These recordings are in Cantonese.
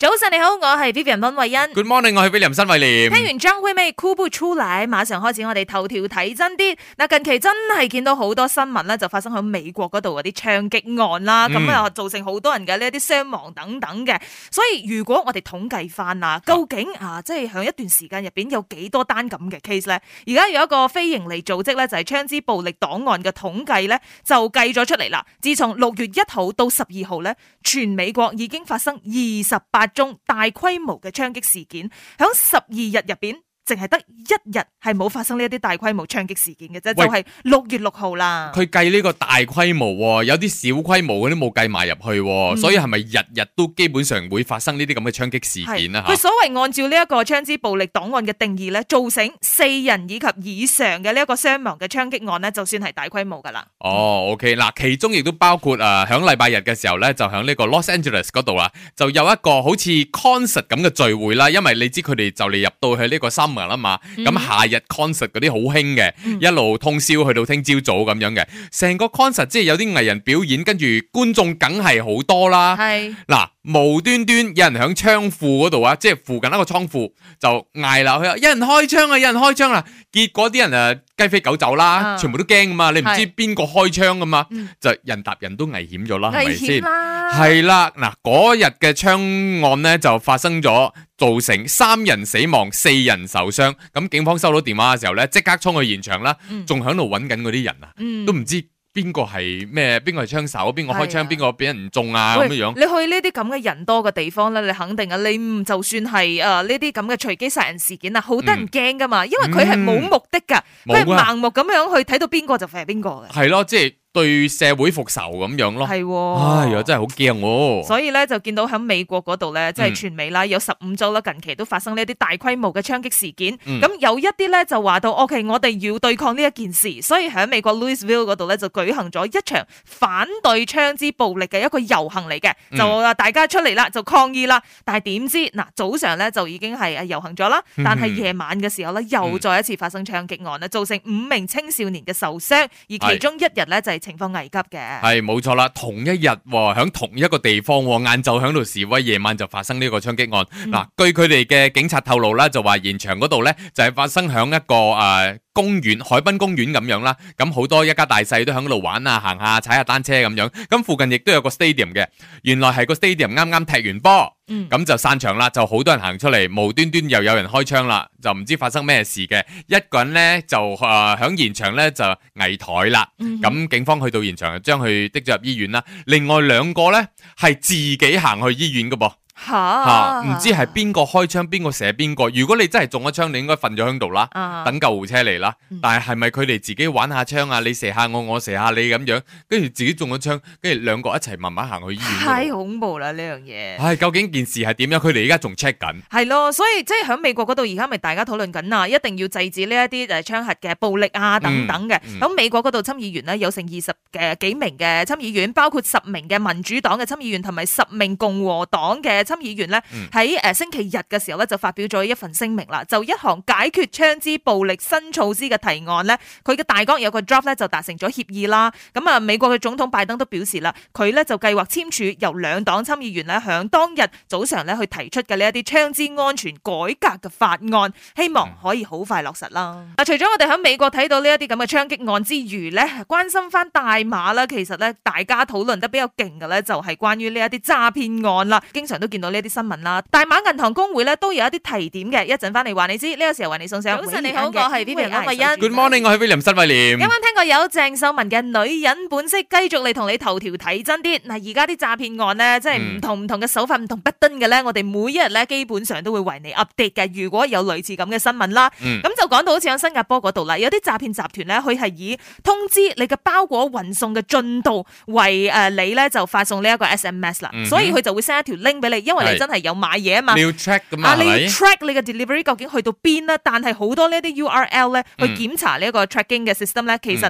早晨你好，我係 Vivian 溫慧欣。Good morning，我係 Vivian 林新申慧廉。聽完張輝威 cool 出嚟，馬上開始我哋頭條睇真啲。嗱，近期真係見到好多新聞呢就發生喺美國嗰度嗰啲槍擊案啦，咁啊、嗯、造成好多人嘅呢一啲傷亡等等嘅。所以如果我哋統計翻嗱，究竟啊，啊即係喺一段時間入邊有幾多單咁嘅 case 咧？而家有一個非營利組織咧就係槍支暴力檔案嘅統計咧，就計咗出嚟啦。自從六月一號到十二號咧，全美國已經發生二十八。中大規模嘅槍擊事件，響十二日入邊。淨係得一日係冇發生呢一啲大規模槍擊事件嘅啫，喂就係六月六號啦。佢計呢個大規模喎，有啲小規模嗰啲冇計埋入去，嗯、所以係咪日日都基本上會發生呢啲咁嘅槍擊事件啊？佢所謂按照呢一個槍支暴力檔案嘅定義咧，造成四人以及以上嘅呢一個傷亡嘅槍擊案咧，就算係大規模噶、哦 okay, 啦。哦，OK 嗱，其中亦都包括啊，響禮拜日嘅時候咧，就響呢個 Los Angeles 嗰度啊，就有一個好似 concert 咁嘅聚會啦。因為你知佢哋就嚟入到去呢個三啦嘛，咁夏日 concert 嗰啲好興嘅，一路通宵去到聽朝早咁樣嘅，成個 concert 即係有啲藝人表演，跟住觀眾梗係好多啦。係嗱是。無端端有人喺倉庫嗰度啊，即、就、係、是、附近一個倉庫就嗌鬧佢，有人開槍啊，有人開槍啦、啊，結果啲人就雞飛狗走啦，啊、全部都驚嘛，你唔知邊是個開槍㗎嘛，嗯、就人踏人都危險咗啦，係咪先？危險啦，係啦，嗱嗰日嘅槍案咧就發生咗，造成三人死亡，四人受傷。咁警方收到電話嘅時候咧，即刻衝去現場啦，仲喺度揾緊嗰啲人啊，都唔知。邊個係咩？邊個係槍手？邊個開槍？邊個俾人唔中啊？咁喂樣樣，你去呢啲咁嘅人多嘅地方咧，你肯定啊，你就算係誒呢啲咁嘅隨機殺人事件啊，好得人驚噶嘛，因為佢係冇目的噶，佢係盲目咁樣去睇到邊個就射邊個嘅。係咯，即係。對社會復仇咁樣咯。係，是哦、哎呀真係好驚哦。所以咧就見到喺美國嗰度咧，即係全美啦，嗯、有十五州啦，近期都發生呢啲大規模嘅槍擊事件。咁、嗯、有一啲咧就話到、嗯、，O.K. 我哋要對抗呢一件事，所以喺美國 Louisville 嗰度咧就舉行咗一場反對槍支暴力嘅一個遊行嚟嘅，就大家出嚟啦，就抗議啦。但係點知嗱，早上咧就已經係啊遊行咗啦，但係夜晚嘅時候咧又再一次發生槍擊案啦，造成五名青少年嘅受傷，而其中一日咧就係、是。情況危急嘅，係冇錯啦。同一日喎，喺、哦、同一個地方，晏晝響度示威，夜晚就發生呢個槍擊案。嗱、嗯，據佢哋嘅警察透露啦，就話現場嗰度呢，就係發生響一個誒。啊公園、海濱公園咁樣啦，咁好多一家大細都喺度玩啊、行下、踩下單車咁樣。咁附近亦都有個 stadium 嘅，原來係個 stadium 啱啱踢完波，咁、嗯、就散場啦，就好多人行出嚟，無端端又有人開槍啦，就唔知發生咩事嘅。一個人呢，就誒響、呃、現場呢就危殆啦，咁、嗯、哼警方去到現場將佢的咗入醫院啦，另外兩個呢，係自己行去醫院噶噃。吓唔哈、啊、知係邊個開槍，邊個射邊個。如果你真係中咗槍，你應該瞓咗喺度啦，啊、等救護車嚟啦。嗯、但係係咪佢哋自己玩下槍啊？你射下我，我射下你咁樣，跟住自己中咗槍，跟住兩個一齊慢慢行去醫院。太恐怖啦呢樣嘢！唉、啊，究竟件事係點樣？佢哋而家仲 check 緊。係咯，所以即係響美國嗰度，而家咪大家討論緊啊！一定要制止呢一啲誒槍械嘅暴力啊等等嘅。咁、嗯嗯、美國嗰度參議員呢有成二十嘅幾名嘅參議員，包括十名嘅民主黨嘅參議員同埋十名共和黨嘅。參議員呢，喺誒星期日嘅時候咧就發表咗一份聲明啦，就一項解決槍支暴力新措施嘅提案呢，佢嘅大綱有個 draft 咧就達成咗協議啦。咁啊，美國嘅總統拜登都表示啦，佢呢就計劃簽署由兩黨參議員呢喺當日早上呢去提出嘅呢一啲槍支安全改革嘅法案，希望可以好快落實啦。嗱，除咗我哋喺美國睇到呢一啲咁嘅槍擊案之餘呢，關心翻大馬啦，其實呢，大家討論得比較勁嘅呢，就係關於呢一啲詐騙案啦，經常都，見到呢啲新聞啦，大馬銀行公會咧都有一啲提點嘅，一陣翻嚟話你知。呢、這個時候為你送上早晨，你好，我係邊位啊？衞 欣。Good morning，我係 William 新衞廉。有鄭秀文嘅女人本色繼續嚟，同你頭條睇真啲。嗱，而家啲詐騙案咧，即係唔同唔同嘅手法唔同不登嘅咧。我哋每一日咧，基本上都會為你 update 嘅。如果有類似咁嘅新聞啦，咁、嗯、就講到好似響新加坡嗰度啦，有啲詐騙集團咧，佢係以通知你嘅包裹運送嘅進度為，誒你咧就發送呢一個 SMS 啦，所以佢就會 send 一條 link 俾你，因為你真係有買嘢是啊嘛。你要 track 咁你要 track 你嘅 delivery 究竟去到邊咧？但係好多呢啲 URL 咧去檢查呢一個 tracking 嘅 system 咧，其實、嗯。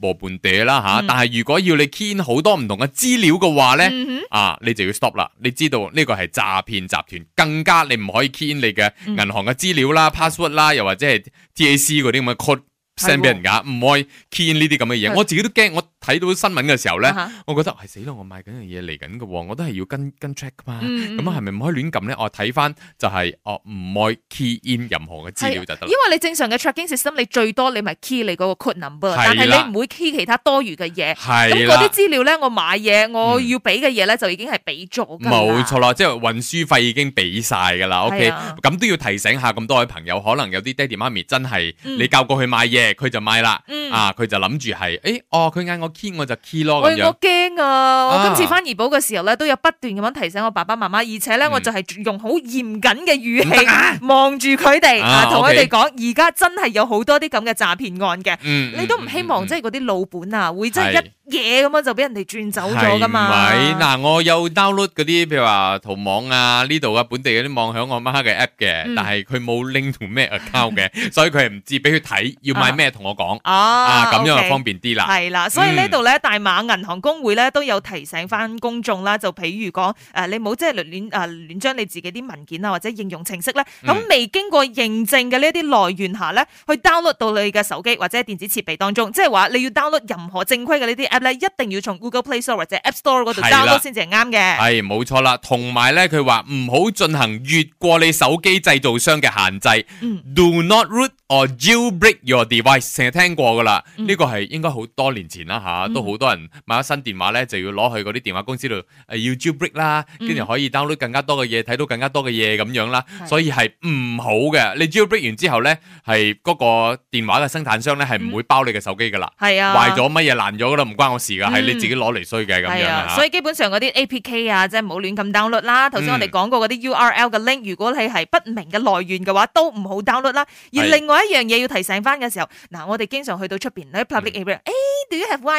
摩拌地啦吓，嗯、但係如果要你 key 好多唔同嘅資料嘅話咧，嗯、哼啊，你就要 stop 啦。你知道呢個係詐騙集團，更加你唔可以 key 你嘅銀行嘅資料啦、嗯、password 啦，又或者係 TAC 嗰啲咁嘅 code send 俾人㗎，唔、嗯、可以 key 呢啲咁嘅嘢。的我自己都驚我睇到新聞嘅時候咧，uh huh. 我覺得係死咯！我買緊樣嘢嚟緊嘅喎，我都係要跟跟 track 噶嘛。咁啊、嗯，係咪唔可以亂撳咧？我睇翻就係、是、哦，唔可以 key in 任何嘅資料就得。因為你正常嘅 tracking system，你最多你咪 key 你嗰個 code number，啦但係你唔會 key 其他多餘嘅嘢。係咁嗰啲資料咧，我買嘢我要俾嘅嘢咧，嗯、就已經係俾咗冇錯啦，即、就、係、是、運輸費已經俾晒㗎啦。OK，咁都、啊、要提醒下咁多位朋友，可能有啲爹哋媽咪真係、嗯、你教過去買嘢，佢就買啦。嗯、啊，佢就諗住係，誒、欸，哦，佢嗌我。我就 key 咯。我驚啊！我今次翻怡寶嘅時候咧，都有不斷咁樣提醒我爸爸媽媽，而且咧我就係用好嚴謹嘅語氣望住佢哋，同佢哋講，而家真係有好多啲咁嘅詐騙案嘅。你都唔希望即係嗰啲老本啊，會真係一夜咁樣就俾人哋轉走咗噶嘛？嗱，我有 download 嗰啲，譬如話淘網啊，呢度啊，本地嗰啲網響我媽嘅 app 嘅，但係佢冇 link 同咩 account 嘅，所以佢係唔知。俾佢睇要買咩同我講。啊，咁樣就方便啲啦。係啦，所以咧。呢度咧，大馬銀行公會咧都有提醒返公眾啦，就譬如講誒，你冇即係亂誒亂將你自己啲文件啊或者應用程式咧，咁未經過認證嘅呢啲來源下咧，去 download 到你嘅手機或者電子設備當中，即係話你要 download 任何正規嘅呢啲 app 咧，一定要從 Google Play Store 或者 App Store 嗰度 download 先至係啱嘅。係冇錯啦，同埋咧佢話唔好進行越過你手機製造商嘅限制，Do not root or jailbreak your device，成日聽過噶啦，呢個係應該好多年前啦吓。啊，都好多人買咗新電話咧，就要攞去嗰啲電話公司度誒要 jailbreak 啦，跟住可以 download 更加多嘅嘢，睇到更加多嘅嘢咁樣啦。所以係唔好嘅，你 jailbreak 完之後咧，係嗰個電話嘅生產商咧係唔會包你嘅手機噶啦。係啊，壞咗乜嘢爛咗噶啦，唔關我事噶，係你自己攞嚟衰嘅咁樣。所以基本上嗰啲 A P K 啊，即係唔好亂咁 download 啦。頭先我哋講過嗰啲 U R L 嘅 link，如果你係不明嘅來源嘅話，都唔好 download 啦。而另外一樣嘢要提醒翻嘅時候，嗱，我哋經常去到出邊咧 public area，誒，do you have wifi？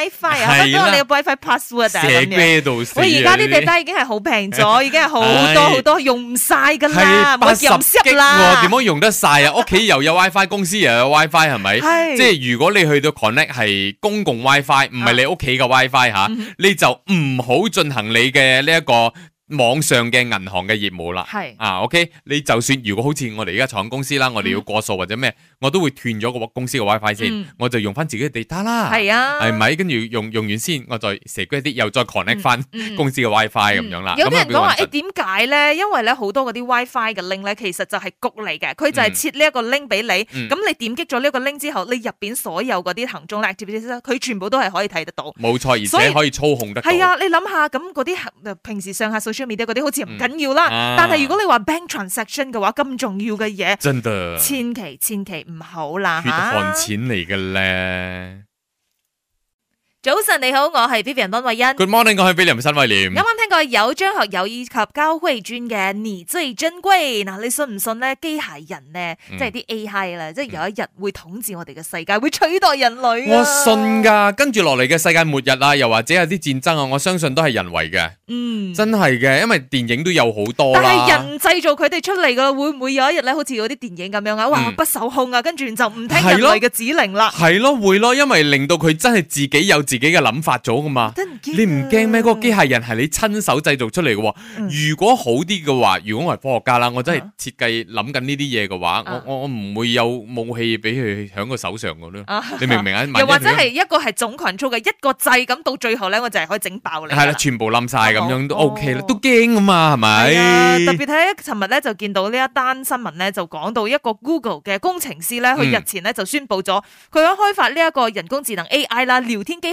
wifi，的我得翻你個 wifi password。社咩到死啊！我而家啲地低已經係好平咗，哎、已經係好多好多用唔晒噶啦，80G 啦。我點樣用得晒啊？屋企 又有 wifi，公司又有 wifi，係咪？係、即係如果你去到 connect 係公共 wifi，唔係你屋企嘅 wifi 吓，啊、你就唔好進行你嘅呢一個。網上嘅銀行嘅業務啦，係啊，OK，你就算如果好似我哋依家創公司啦，我哋要過數或者咩，我都會斷咗個公司嘅 WiFi 先，我就用翻自己嘅 data 啦，係啊，係咪？跟住用用完先，我再 save 一啲，又再 connect 翻公司嘅 WiFi 咁樣啦。有啲人講話誒點解咧？因為咧好多嗰啲 WiFi 嘅 link 咧，其實就係局嚟嘅，佢就係設呢一個 link 俾你，咁你點擊咗呢一個 link 之後，你入邊所有嗰啲行蹤咧，佢全部都係可以睇得到，冇錯，而且可以操控得。係啊，你諗下，咁嗰啲平時上下數。嗰啲好似唔緊要啦，但係如果你話 bank transaction 嘅話，咁重要嘅嘢，真千祈千祈唔好啦，血汗錢嚟嘅咧。早晨你好，我係 Vivian 溫偉欣。Good morning，我係 William 新偉廉。啱啱聽過有張學友以及高慧君嘅你最珍貴。嗱，你信唔信咧？機械人咧，嗯、即係啲 A I 啦，嗯、即係有一日會統治我哋嘅世界，會取代人類，啊。我信噶，跟住落嚟嘅世界末日啊，又或者有啲戰爭啊，我相信都係人為嘅。嗯，真係嘅，因為電影都有好多啦。但係人製造佢哋出嚟嘅會唔會有一日咧，好似嗰啲電影咁樣啊？哇，嗯，不受控啊，跟住就唔聽人類嘅指令啦。係咯，嗯，會咯，因為令到佢真係自己有。自己嘅諗法咗噶嘛？可可你唔驚咩？嗰、那個機械人係你親手製造出嚟嘅。嗯、如果好啲嘅話，如果我係科學家啦，我真係設計諗緊呢啲嘢嘅話，啊、我我我唔會有武器俾佢喺佢手上嘅咯。啊、你明唔明啊？又或者係一個係總群操嘅一個掣，咁，到最後咧，我就係可以整爆你。係啦、嗯，全部冧晒咁樣都 O K 啦，都驚㗎嘛，係咪、哦啊？特別睇，尋日咧就見到呢一單新聞咧，就講到，到一個 Google 嘅工程師咧，佢日前咧就宣布咗，佢想、嗯、開發呢一個人工智能 AI 啦，聊天機。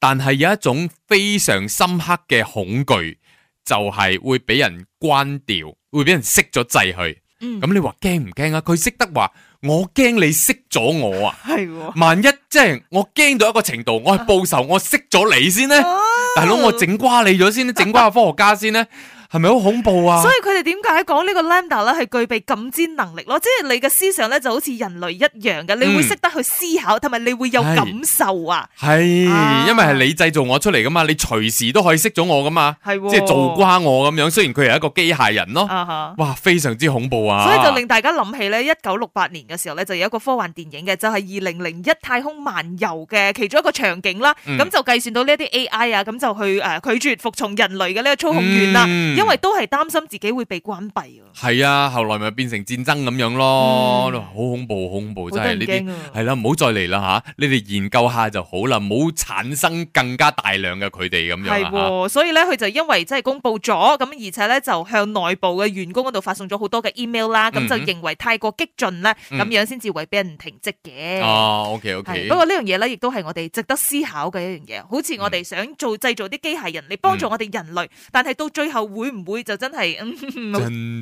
但係有一種非常深刻嘅恐懼，就係、是、會俾人關掉，會俾人熄咗掣去。嗯，咁、嗯、你話驚唔驚啊？佢識得話，我驚你熄咗我啊！係、 哦，萬一即係、就是、我驚到一個程度，我係報仇，啊、我熄咗你先呢。啊係咯，我整瓜你咗先，整瓜個科學家先呢，係咪好恐怖啊？ 所以佢哋點解講呢個 Lambda 咧係具備感知能力咯？即係你嘅思想咧就好似人類一樣嘅，你會識得去思考，同埋你會有感受啊？係，因為係你製造我出嚟噶嘛，你隨時都可以識咗我噶嘛，嗯、即係做瓜我咁樣。雖然佢係一個機械人咯，啊哇，非常之恐怖啊！所以就令大家諗起咧，一九六八年嘅時候咧，就有一個科幻電影嘅，就係二零零一太空漫遊嘅其中一個場景啦。咁就計算到呢啲 AI 啊，咁就。就去誒拒絕服從人類嘅呢個操控權啦，因為都係擔心自己會被關閉。係啊，後來咪變成戰爭咁樣咯，好恐怖，好恐怖，真係呢啲係啦，唔好再嚟啦嚇！你哋研究下就好啦，唔好產生更加大量嘅佢哋咁樣嚇。係喎，所以咧佢就因為真係公佈咗，咁而且咧就向內部嘅員工嗰度發送咗好多嘅 email 啦，咁就認為太過激進咧，咁樣先至會俾人停職嘅。哦，OK OK。不過呢樣嘢咧，亦都係我哋值得思考嘅一樣嘢，好似我哋想做製。做啲機械人嚟幫助我哋人類，但係到最後會唔會就真係，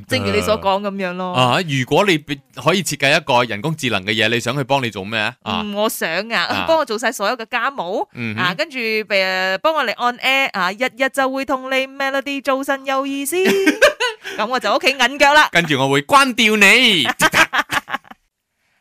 正如你所講咁樣咯。啊，如果你可以設計一個人工智能嘅嘢，你想去幫你做咩啊？嗯，我想啊，幫我做晒所有嘅家務，啊，跟住誒，幫我嚟按 Air 啊，日日就會同你 melody 做身有意思，咁我就屋企銀腳啦。跟住我會關掉你。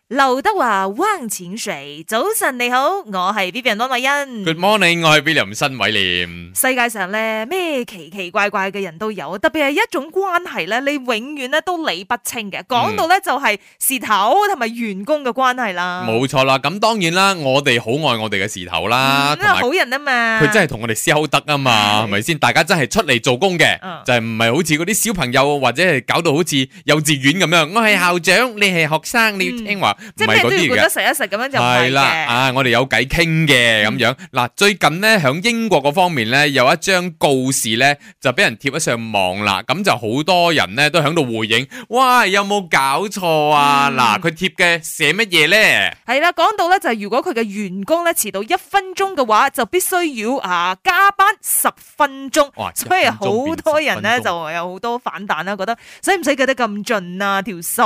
劉德華汪淺水，早晨你好，我係 Vivian 麥恩。Good morning，我係 William 申偉廉。世界上咧咩奇奇怪怪嘅人都有，特別係一種關係咧，你永遠咧都理不清嘅。講到咧就係事頭同埋員工嘅關係啦。冇錯啦，咁當然啦，我哋好愛我哋嘅事頭啦，同埋好人啊嘛，佢真係同我哋收得啊嘛，係咪先？大家真係出嚟做工嘅，就係唔係好似嗰啲小朋友或者係搞到好似幼稚園咁樣。我係校長，你係學生，你要聽話。即係嗰啲嘅，食一食咁樣就唔係嘅。係啦，啊，我哋有偈傾嘅咁樣。嗱，最近咧響英國嗰方面咧有一張告示咧就俾人貼咗上網啦，咁就好多人咧都響度回應。哇，有冇搞錯啊？嗱，佢貼嘅寫乜嘢咧？係啦，講到咧就係如果佢嘅員工咧遲到一分鐘嘅話，就必須要啊加班十分鐘。哇！所以好多人咧就有好多反彈啦，覺得使唔使計得咁盡啊條數？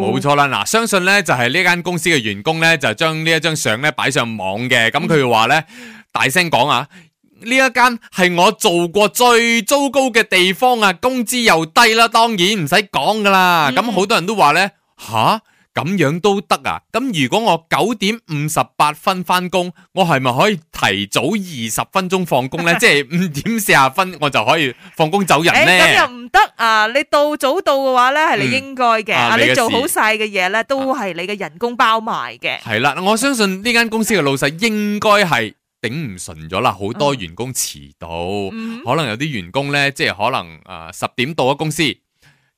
冇錯啦，嗱，相信咧就係。呢間公司嘅員工呢，就將呢一張相呢擺上網嘅，咁佢話呢，大聲講啊！呢一間係我做過最糟糕嘅地方啊，工資又低啦，當然唔使講噶啦。嗯，咁好多人都話呢，吓。咁樣都得啊？咁如果我九點五十八分翻工，我係咪可以提早二十分鐘放工呢？ 即係五點四十分，我就可以放工走人咧？咁、欸、又唔得啊？你到早到嘅話呢，係你應該嘅。你做好晒嘅嘢呢，都係你嘅人工包埋嘅。係、啊、啦，我相信呢間公司嘅老細應該係頂唔順咗啦，好多員工遲到，嗯嗯、可能有啲員工呢，即係可能啊十點到咗公司。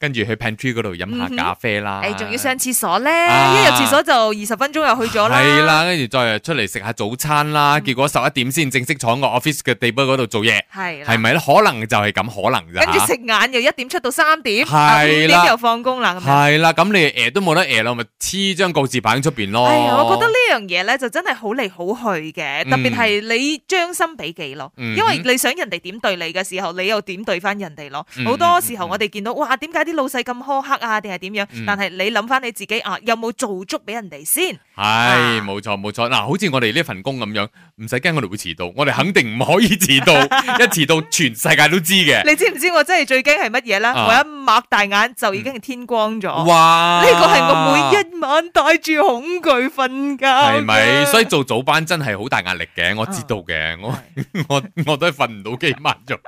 跟住去 pantry 嗰度飲下咖啡啦，誒仲要上廁所咧，一入廁所就二十分鐘又去咗啦，係啦，跟住再出嚟食下早餐啦，結果十一點先正式坐喺個 office 嘅枱嗰度做嘢，係，係咪咧？可能就係咁可能咋，跟住食晏又一點出到三點，係啦，又放工啦，係啦，咁你誒都冇得誒咯，咪黐張告示板喺出邊咯，我覺得呢樣嘢咧就真係好嚟好去嘅，特別係你將心比己咯，因為你想人哋點對你嘅時候，你又點對翻人哋咯，好多時候我哋見到哇點解啲老細咁苛刻啊，定係點樣？嗯、但係你諗翻你自己啊，有冇做足俾人哋先？係冇錯冇錯嗱，好似我哋呢份工咁樣，唔使驚我哋會遲到，我哋肯定唔可以遲到，一遲到全世界都知嘅。你知唔知我真係最驚係乜嘢咧？我一擘大眼就已經係天光咗。哇！呢個係我每一晚帶住恐懼瞓覺。係咪？所以做早班真係好大壓力嘅，我知道嘅。我我我都係瞓唔到幾晚咗，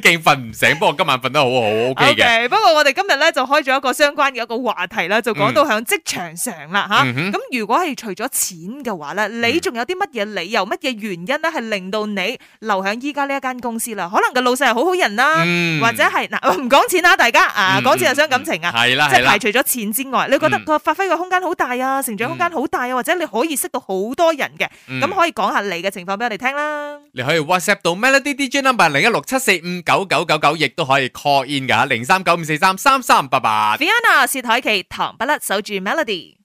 勁瞓唔醒。不過今晚瞓得好好，O K 嘅。不過我哋今日咧就開咗一個相關嘅一個話題啦，就講到響職場上啦吓。咁如果係除咗錢嘅話咧，你仲有啲乜嘢理由、乜嘢原因咧，係令到你留喺依家呢一間公司啦？可能個老細係好好人啦，或者係嗱，唔講錢啦，大家啊，講錢又傷感情啊，係啦，即係排除咗錢之外，你覺得個發揮嘅空間好大啊，成長空間好大啊，或者你可以識到好多人嘅，咁可以講下你嘅情況俾我哋聽啦。你可以 WhatsApp 到 Melody DJ number 零一六七四五九九九九，亦都可以 call in 噶零三九五四三三三八八。Fiona 薛凱琪，唐不甩守住 Melody。